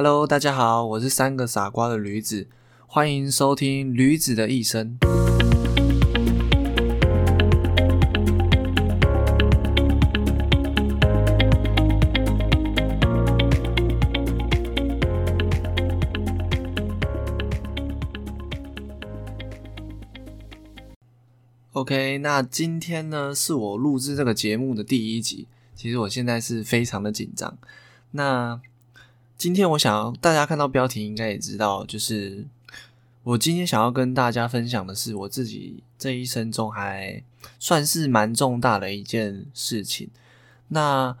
Hello，大家好，我是三個傻瓜的驢子，歡迎收聽驢子的一生。OK，那今天呢，是我錄製這個節目的第一集，其實我現在是非常的緊張，那。今天我想要大家看到標題應該也知道，就是我今天想要跟大家分享的是我自己這一生中還算是蠻重大的一件事情。那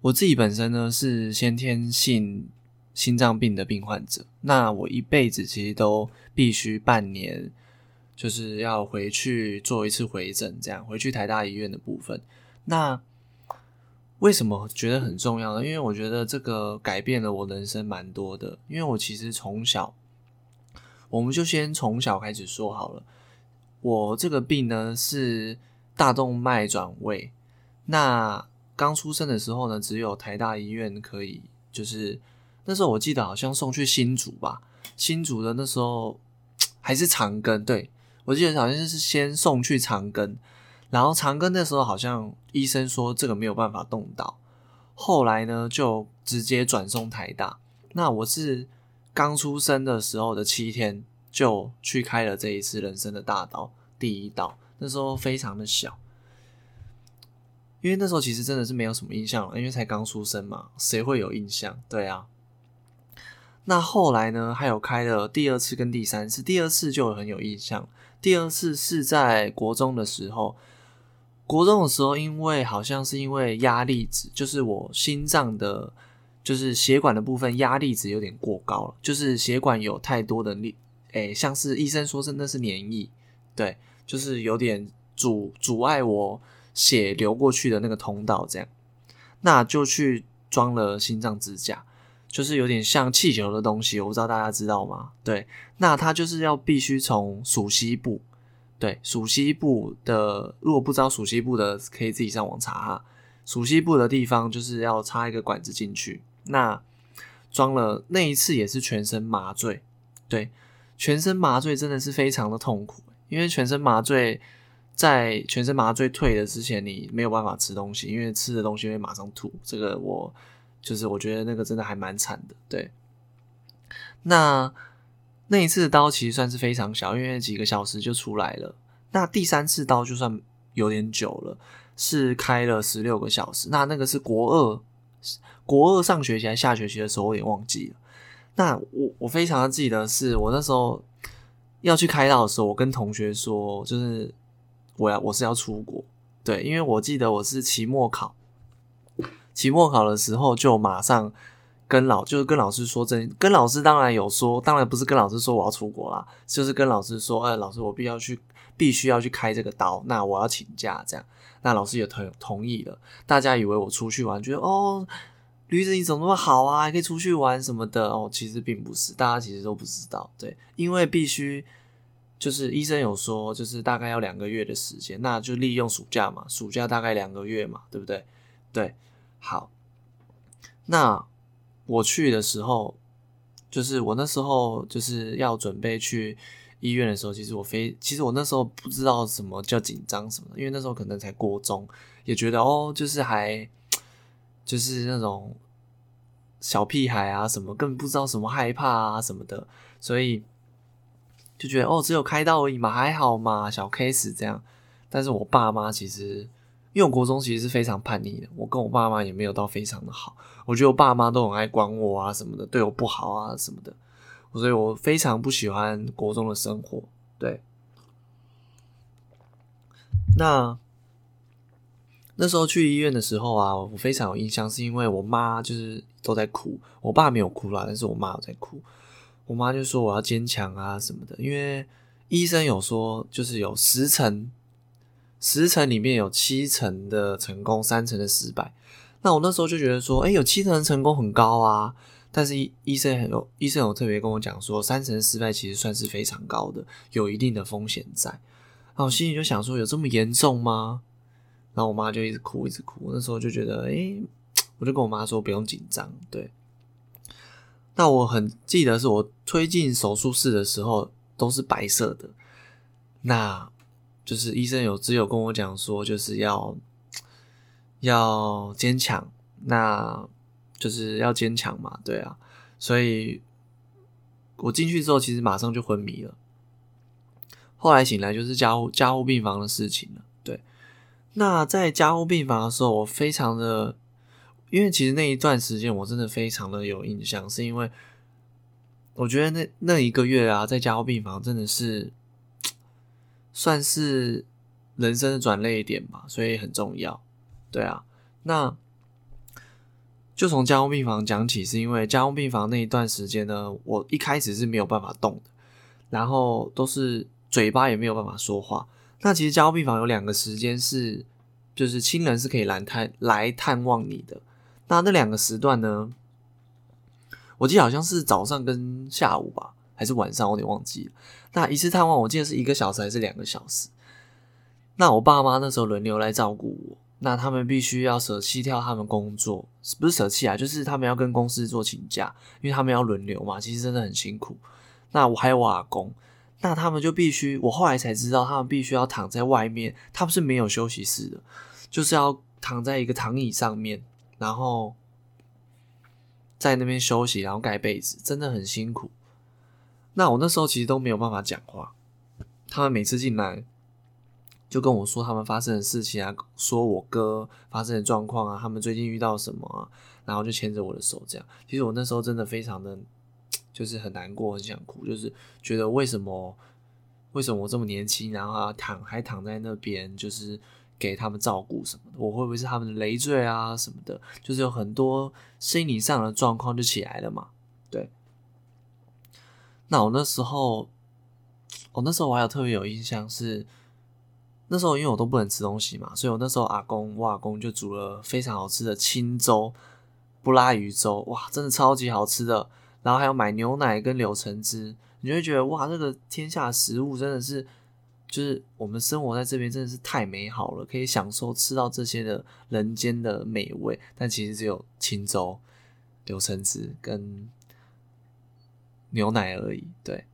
我自己本身呢，是先天性心臟病的病患者，那我一輩子其實都必須半年就是要回去做一次回診，這樣回去台大醫院的部分。那為什麼覺得很重要呢？因為我覺得這個改變了我人生蠻多的。因為我其實從小，我們就先從小開始說好了。我這個病呢，是大動脈轉位。那剛出生的時候呢，只有台大醫院可以，就是那時候我記得好像送去新竹吧，新竹的那時候還是長庚。對，我記得好像是先送去長庚。然後長庚那時候好像醫生說這個沒有辦法動刀，後來呢就直接轉送台大。那我是剛出生的時候的七天就去開了這一次人生的大刀第一刀，那時候非常的小，因為那時候其實真的是沒有什麼印象了，因為才剛出生嘛，誰會有印象？對啊。那後來呢還有開了第二次跟第三次，第二次就很有印象。第二次是在國中的時候。國中的時候，因為好像是因為壓力值，就是我心臟的，就是血管的部分壓力值有點過高了，就是血管有太多的力，誒、欸，像是醫生說真的是免疫，對，就是有點阻阻礙我血流過去的那個通道這樣，那就去裝了心臟支架，就是有點像氣球的東西，我不知道大家知道嗎？對，那它就是要必須從鼠蹊部。對，鼠蹊部的，如果不知道鼠蹊部的，可以自己上網查哈。鼠蹊部的地方就是要插一個管子進去，那裝了那一次也是全身麻醉，對，全身麻醉真的是非常的痛苦，因為全身麻醉在全身麻醉退了之前，你沒有辦法吃東西，因為吃的東西會馬上吐。這個我就是我覺得那個真的還蠻慘的，對，那。那一次刀其實算是非常小，因為幾個小時就出來了。那第三次刀就算有點久了，是開了十六個小時。那那個是國二，國二上學期還是下學期的時候，我也忘記了。那我我非常記得，是我那時候要去開刀的時候，我跟同學說，就是我要我是要出國，對，因為我記得我是期末考，期末考的時候就馬上。跟老就是跟老師說真，跟老師當然有說，當然不是跟老師說我要出國啦，就是跟老師說，呃、欸，老師我必要去，必須要去開這個刀，那我要請假這樣，那老師也同同意了。大家以為我出去玩，覺得哦，驢子你怎麼那麼好啊，還可以出去玩什麼的哦，其實並不是，大家其實都不知道，對，因為必須就是醫生有說，就是大概要兩個月的時間，那就利用暑假嘛，暑假大概兩個月嘛，對不對？對，好，那。我去的時候，就是我那時候就是要準備去醫院的時候，其實我非，其實我那時候不知道什麼叫緊張什麼的，因為那時候可能才國中，也覺得哦，就是還就是那種小屁孩啊什麼，更不知道什麼害怕啊什麼的，所以就覺得哦，只有開刀而已嘛，還好嘛，小 case 這樣。但是我爸媽其實，因為我國中其實是非常叛逆的，我跟我爸媽也沒有到非常的好。我覺得我爸媽都很愛管我啊，什麼的，對我不好啊，什麼的，所以我非常不喜歡國中的生活。對，那那時候去醫院的時候啊，我非常有印象，是因為我媽就是都在哭，我爸沒有哭啦，但是我媽有在哭。我媽就說我要堅強啊，什麼的，因為醫生有說，就是有十成，十成裡面有七成的成功，三成的失敗。那我那時候就覺得說，哎、欸，有七成人成功很高啊，但是醫生很有，醫生有特別跟我講說，三成失敗其實算是非常高的，有一定的風險在。然後我心裡就想說，有這麼嚴重嗎？然後我媽就一直哭，一直哭。那時候就覺得，哎、欸，我就跟我媽說，不用緊張。對。那我很記得是我推進手術室的時候都是白色的，那就是醫生有只有跟我講說，就是要。要堅強，那就是要堅強嘛，對啊。所以我進去之後，其實馬上就昏迷了。後來醒來就是加護加護病房的事情了。對，那在加護病房的時候，我非常的，因為其實那一段時間我真的非常的有印象，是因為我覺得那那一個月啊，在加護病房真的是算是人生的轉捩點吧，所以很重要。對啊，那就從加護病房講起，是因為加護病房那一段時間呢，我一開始是沒有辦法動的，然後都是嘴巴也沒有辦法說話。那其實加護病房有兩個時間是，就是親人是可以來探來探望你的。那那兩個時段呢，我記得好像是早上跟下午吧，還是晚上，我有點忘記了。那一次探望，我記得是一個小時還是兩個小時？那我爸媽那時候輪流來照顧我。那他們必須要捨棄掉他們工作，不是捨棄啊，就是他們要跟公司做請假，因為他們要輪流嘛，其實真的很辛苦。那我還有我阿公，那他們就必須，我後來才知道，他們必須要躺在外面，他不是沒有休息室的，就是要躺在一個躺椅上面，然後在那邊休息，然後蓋被子，真的很辛苦。那我那時候其實都沒有辦法講話，他們每次進來。就跟我說他們發生的事情啊，說我哥發生的狀況啊，他們最近遇到什麼啊，然後就牽着我的手這樣。其實我那時候真的非常的，就是很難過，很想哭，就是覺得為什麼，為什麼我這麼年輕，然後還躺還躺在那邊，就是給他們照顧什麼的，我會不會是他們的累贅啊什麼的？就是有很多心理上的狀況就起來了嘛。對，那我那時候，我、哦、那時候我還有特別有印象是。那時候因為我都不能吃東西嘛，所以我那時候阿公我阿公就煮了非常好吃的清粥、布拉魚粥，哇，真的超級好吃的。然後還有買牛奶跟柳橙汁，你就會覺得哇，這、那個天下食物真的是，就是我們生活在這邊真的是太美好了，可以享受吃到這些的人間的美味。但其實只有清粥、柳橙汁跟牛奶而已，對。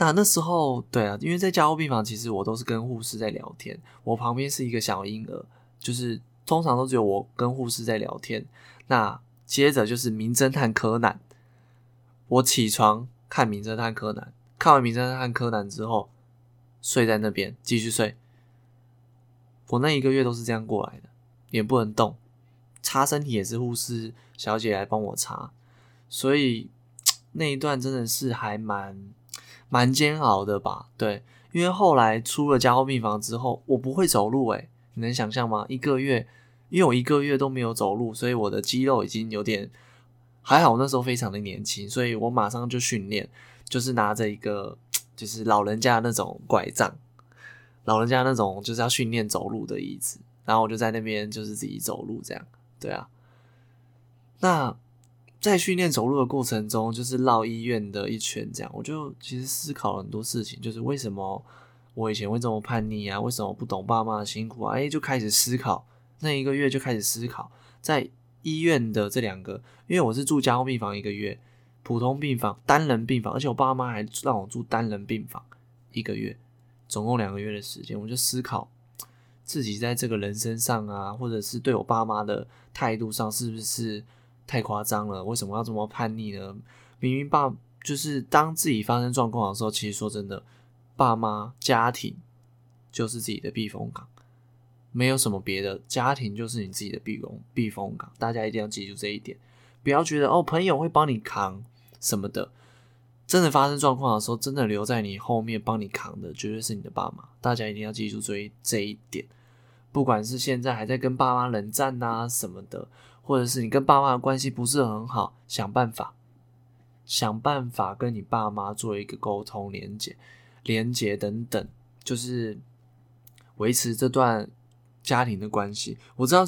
那那時候，對啊，因為在加護病房，其實我都是跟護士在聊天。我旁邊是一個小嬰兒，就是通常都只有我跟護士在聊天。那接着就是《名偵探柯南》，我起床看《名偵探柯南》，看完《名偵探柯南》之後，睡在那邊繼續睡。我那一個月都是這樣過來的，也不能動，擦身體也是護士小姐來幫我擦。所以那一段真的是還蠻。蠻煎熬的吧，對，因為後來出了加護病房之後，我不會走路哎、欸，你能想象嗎？一個月，因為我一個月都沒有走路，所以我的肌肉已經有點還好。我那時候非常的年輕，所以我馬上就訓練，就是拿着一個就是老人家那種拐杖，老人家那種就是要訓練走路的椅子，然後我就在那邊就是自己走路這樣，對啊，那。在訓練走路的過程中，就是繞醫院的一圈，這樣我就其實思考了很多事情，就是為什麼我以前會這麼叛逆啊？為什麼不懂爸媽的辛苦啊？哎、欸，就開始思考，那一個月就開始思考，在醫院的這兩個，因為我是住加護病房一個月，普通病房單人病房，而且我爸媽還讓我住單人病房一個月，總共兩個月的時間，我就思考自己在這個人生上啊，或者是對我爸媽的態度上，是不是？太誇張了，為什麼要這麼叛逆呢？明明爸就是當自己發生狀況的時候，其實說真的，爸媽家庭就是自己的避風港，沒有什麼別的，家庭就是你自己的避風避風港。大家一定要記住這一點，不要覺得哦朋友會幫你扛什麼的，真的發生狀況的時候，真的留在你後面幫你扛的絕對、就是你的爸媽。大家一定要記住這一這一點，不管是現在還在跟爸媽冷戰吶、啊、什麼的。或者是你跟爸媽的關係不是很好，想辦法，想辦法跟你爸媽做一個溝通連結、連接、連接等等，就是維持這段家庭的關係。我知道，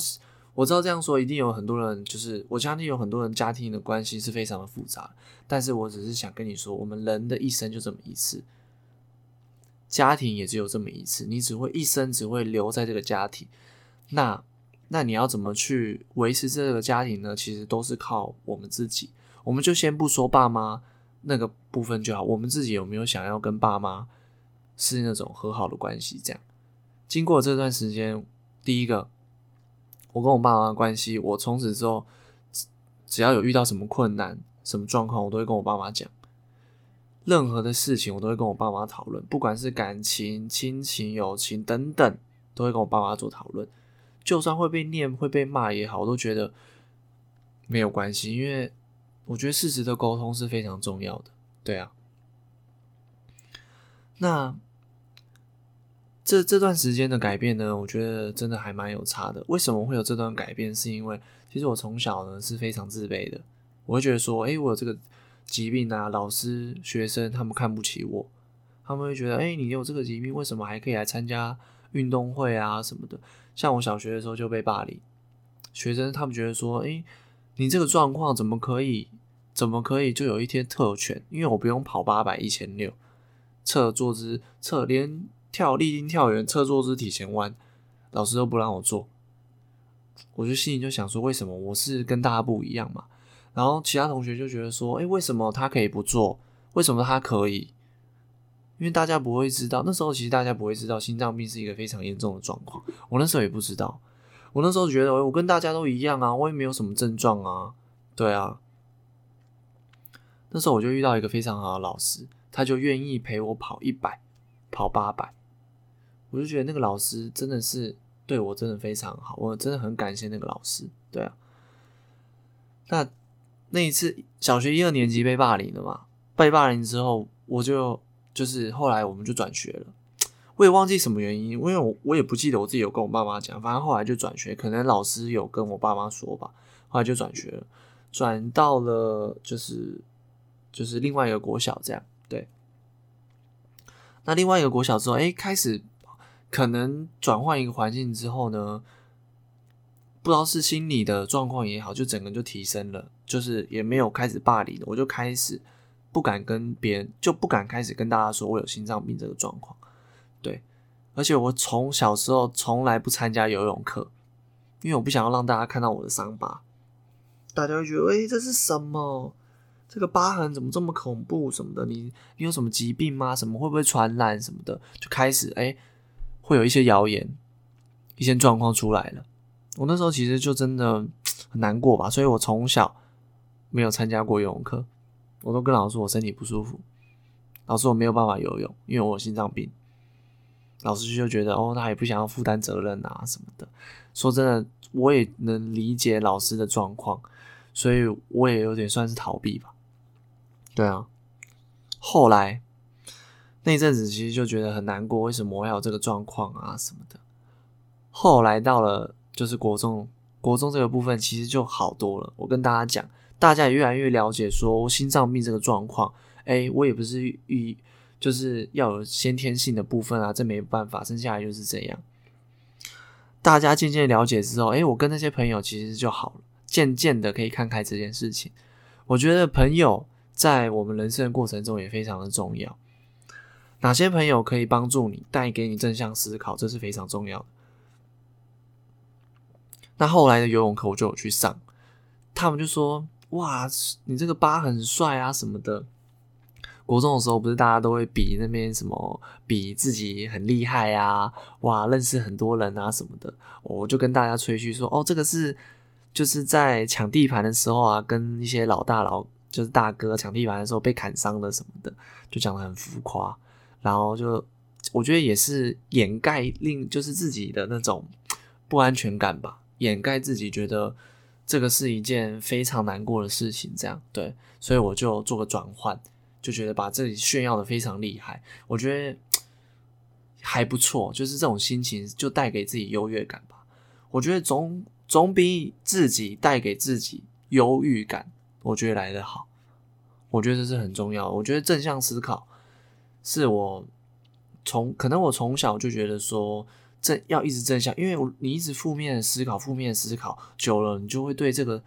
我知道這樣說一定有很多人，就是我相信有很多人家庭的關係是非常的複雜。但是我只是想跟你說，我們人的一生就這麼一次，家庭也只有這麼一次，你只會一生只會留在這個家庭。那。那你要怎麼去維持這個家庭呢？其實都是靠我們自己。我們就先不說爸媽那個部分就好，我們自己有沒有想要跟爸媽是那種和好的關係？這樣，經過這段時間，第一個，我跟我爸媽的關係，我從此之後，只要有遇到什麼困難、什麼狀況，我都會跟我爸媽講。任何的事情，我都會跟我爸媽討論，不管是感情、親情、友情等等，都會跟我爸媽做討論。就算會被念會被罵也好，我都覺得沒有關係，因為我覺得事實的溝通是非常重要的。對啊，那這這段時間的改變呢，我覺得真的還蠻有差的。為什麼會有這段改變？是因為其實我從小呢是非常自卑的，我會覺得說，欸，我有這個疾病啊，老師、學生他們看不起我，他們會覺得，欸，你有這個疾病，為什麼還可以來參加？運動會啊什麼的，像我小學的時候就被霸凌，學生他們覺得說，哎，你這個狀況怎麼可以，怎麼可以就有一天特權？因為我不用跑八百一千六，側坐姿、側連跳、立定跳遠、側坐姿、體前彎，老師都不讓我做，我就心裡就想說，為什麼我是跟大家不一樣嘛？然後其他同學就覺得說，哎，為什麼他可以不做？為什麼他可以？因為大家不會知道，那時候其實大家不會知道心臟病是一個非常嚴重的狀況。我那時候也不知道，我那時候覺得我跟大家都一樣啊，我也沒有什麼症狀啊。對啊，那時候我就遇到一個非常好的老師，他就願意陪我跑一百、跑八百。我就覺得那個老師真的是對我真的非常好，我真的很感謝那個老師。對啊，那那一次小學一二年級被霸凌了嘛？被霸凌之後，我就。就是後來我們就轉學了，我也忘記什麼原因，因為我我也不記得我自己有跟我爸媽講，反正後來就轉學，可能老師有跟我爸媽說吧，後來就轉學了，轉到了就是就是另外一個國小這樣，對。那另外一個國小之後，欸，開始可能轉換一個環境之後呢，不知道是心理的狀況也好，就整個就提升了，就是也沒有開始霸凌，我就開始。不敢跟別人，就不敢開始跟大家說我有心臟病這個狀況，對，而且我從小時候從來不參加游泳課，因為我不想要讓大家看到我的傷疤，大家會覺得，哎，這是什麼？這個疤痕怎麼這麼恐怖什麼的？你你有什麼疾病嗎？什麼會不會傳染什麼的？就開始，哎，會有一些謠言，一些狀況出來了。我那時候其實就真的很難過吧，所以我從小沒有參加過游泳課。我都跟老師說，我身體不舒服，老師我沒有辦法游泳，因為我有心臟病。老師就覺得，哦，他也不想要負擔責任啊什麼的。說真的，我也能理解老師的狀況，所以我也有點算是逃避吧。對啊，後來那陣子其實就覺得很難過，為什麼我會有這個狀況啊什麼的。後來到了就是國中，國中這個部分其實就好多了。我跟大家講。大家也越來越了解，說我心臟病這個狀況，哎、欸，我也不是一就是要有先天性的部分啊，這沒辦法，生下來就是這樣。大家漸漸了解之後，哎、欸，我跟那些朋友其實就好了，漸漸的可以看開這件事情。我覺得朋友在我們人生的過程中也非常的重要，哪些朋友可以幫助你，帶給你正向思考，這是非常重要的。那後來的游泳課我就有去上，他們就說。哇，你這個疤很帥啊，什麼的。國中的時候，不是大家都會比那邊什麼，比自己很厲害啊，哇，認識很多人啊，什麼的。我就跟大家吹噓說，哦，這個是就是在搶地盤的時候啊，跟一些老大老就是大哥搶地盤的時候被砍傷了什麼的，就講得很浮誇。然後就，我覺得也是掩蓋另就是自己的那種不安全感吧，掩蓋自己覺得。這個是一件非常難過的事情，這樣對，所以我就做個轉換，就覺得把自己炫耀的非常厲害，我覺得還不錯，就是這種心情就帶給自己優越感吧。我覺得總總比自己帶給自己憂鬱感，我覺得來得好。我覺得這是很重要。我覺得正向思考是我從可能我從小就覺得說。正要一直正向，因為我你一直負面思考，負面思考久了，你就會對這個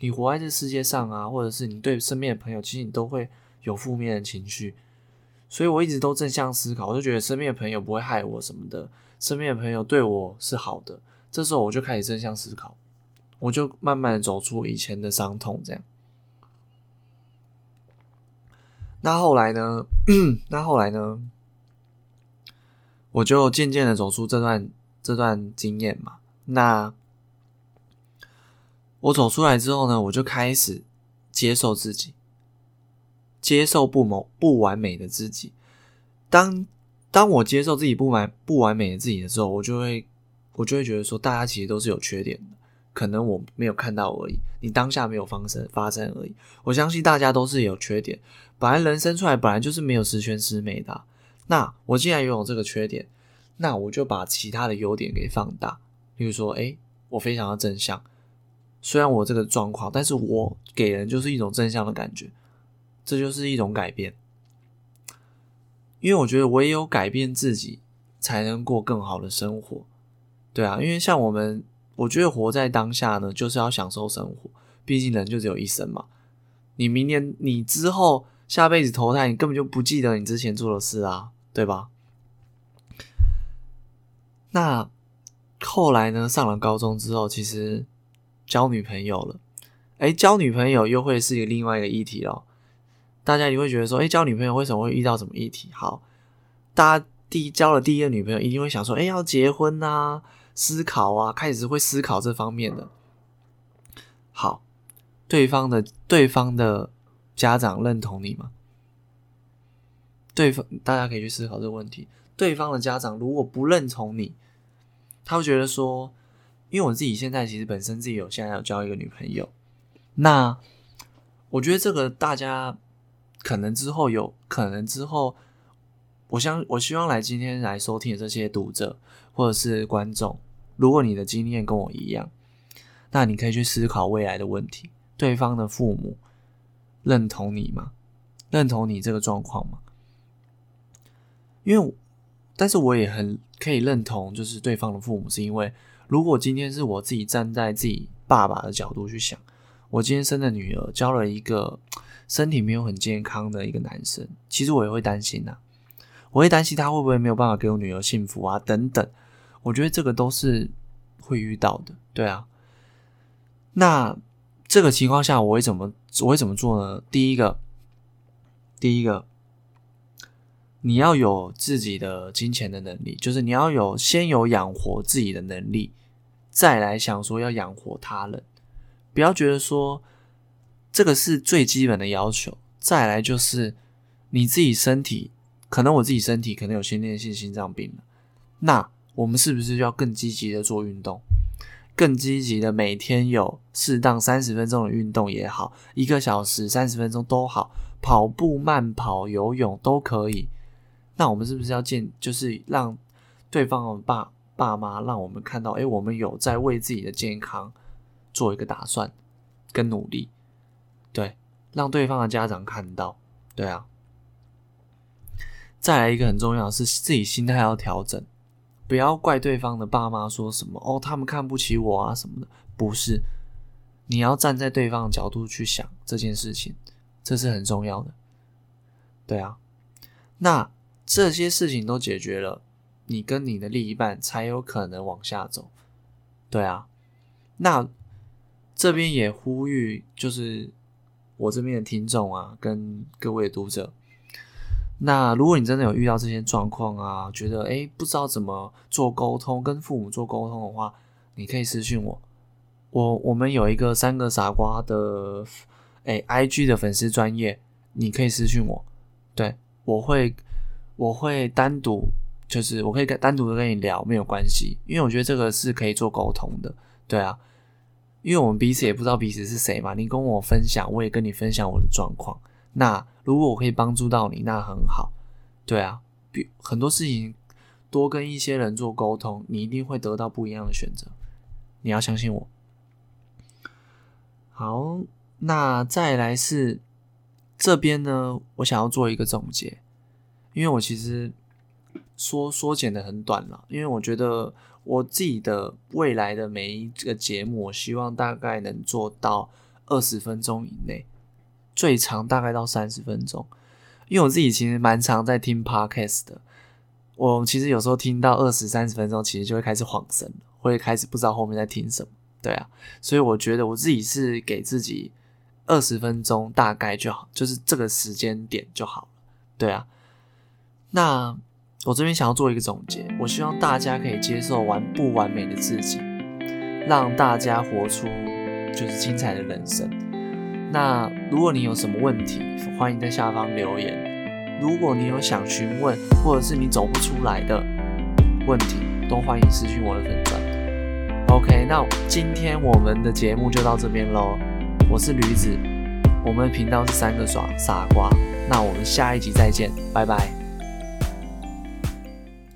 你活在這個世界上啊，或者是你對身邊的朋友，其實你都會有負面的情緒。所以我一直都正向思考，我就覺得身邊的朋友不會害我什麼的，身邊的朋友對我是好的。這時候我就開始正向思考，我就慢慢的走出以前的傷痛，這樣。那後來呢？那後來呢？我就漸漸的走出這段這段經驗嘛，那我走出來之後呢，我就開始接受自己，接受不完不完美的自己。當當我接受自己不完不完美的自己的時候，我就會我就會覺得說，大家其實都是有缺點的，可能我沒有看到而已，你當下沒有發生發生而已。我相信大家都是有缺點，本來人生出來本來就是沒有十全十美的啊。那我既然擁有這個缺點，那我就把其他的優點給放大。比如說，誒、欸，我非常的正向，雖然我這個狀況，但是我給人就是一種正向的感覺，這就是一種改變。因為我覺得唯有改變自己，才能過更好的生活。對啊，因為像我們，我覺得活在當下呢，就是要享受生活。畢竟人就只有一生嘛，你明年、你之後、下輩子投胎，你根本就不記得你之前做的事啊。對吧？那後來呢？上了高中之後，其實交女朋友了。哎，交女朋友又會是一個另外一個議題咯，大家一定會覺得說，哎，交女朋友為什麼會遇到什麼議題？好，大家第一交了第一個女朋友，一定會想說，哎，要結婚吶，啊，思考啊，開始會思考這方面的。好，對方的對方的家長認同你嗎？對方，大家可以去思考這個問題。對方的家長如果不認同你，他會覺得說：“因為我自己現在其實本身自己有現在有交一個女朋友。那”那我覺得這個大家可能之後有可能之後，我相我希望來今天來收聽的這些讀者或者是觀眾，如果你的經驗跟我一樣，那你可以去思考未來的問題：對方的父母認同你嗎？認同你這個狀況嗎？因為，但是我也很可以認同，就是對方的父母，是因為如果今天是我自己站在自己爸爸的角度去想，我今天生的女兒交了一個身體沒有很健康的一個男生，其實我也會擔心吶，我會擔心他會不會沒有辦法給我女兒幸福啊，等等，我覺得這個都是會遇到的，對啊。那這個情況下我會怎麼我會怎麼做呢？第一個，第一個。你要有自己的金錢的能力，就是你要有先有養活自己的能力，再來想說要養活他人，不要覺得說這個是最基本的要求。再來就是你自己身體，可能我自己身體可能有先天性心臟病了，那我們是不是就要更積極的做運動，更積極的每天有適當三十分鐘的運動也好，一個小時三十分鐘都好，跑步、慢跑、游泳都可以。那我們是不是要見，就是讓對方的爸爸媽讓我們看到，誒、欸，我們有在為自己的健康做一個打算跟努力，對，讓對方的家長看到，對啊。再來一個很重要的是自己心態要調整，不要怪對方的爸媽說什麼哦，他們看不起我啊什麼的，不是。你要站在對方的角度去想這件事情，這是很重要的，對啊。那。這些事情都解決了，你跟你的另一半才有可能往下走，對啊。那這邊也呼籲，就是我這邊的聽眾啊，跟各位讀者。那如果你真的有遇到這些狀況啊，覺得，誒，不知道怎麼做溝通，跟父母做溝通的話，你可以私訊我。我我們有一個三個傻瓜的，誒，IG 的粉絲專頁，你可以私訊我，對，我會。我會單獨，就是我可以跟單獨的跟你聊，沒有關係，因為我覺得這個是可以做溝通的，對啊，因為我們彼此也不知道彼此是誰嘛，你跟我分享，我也跟你分享我的狀況，那如果我可以幫助到你，那很好，對啊，比很多事情多跟一些人做溝通，你一定會得到不一樣的選擇，你要相信我。好，那再來是這邊呢，我想要做一個總結。因為我其實縮縮減的很短了，因為我覺得我自己的未來的每一個節目，我希望大概能做到二十分鐘以內，最長大概到三十分鐘。因為我自己其實蠻常在聽 podcast 的，我其實有時候聽到二十三十分鐘，其實就會開始晃神，會開始不知道後面在聽什麼。對啊，所以我覺得我自己是給自己二十分鐘，大概就好，就是這個時間點就好了。對啊。那我這邊想要做一個總結，我希望大家可以接受完不完美的自己，讓大家活出就是精彩的人生。那如果你有什麼問題，歡迎在下方留言。如果你有想詢問或者是你走不出來的問題，都歡迎私信我的粉專。OK，那今天我們的節目就到這邊嘍。我是驢子，我們的頻道是三個耍傻瓜。那我們下一集再見，拜拜。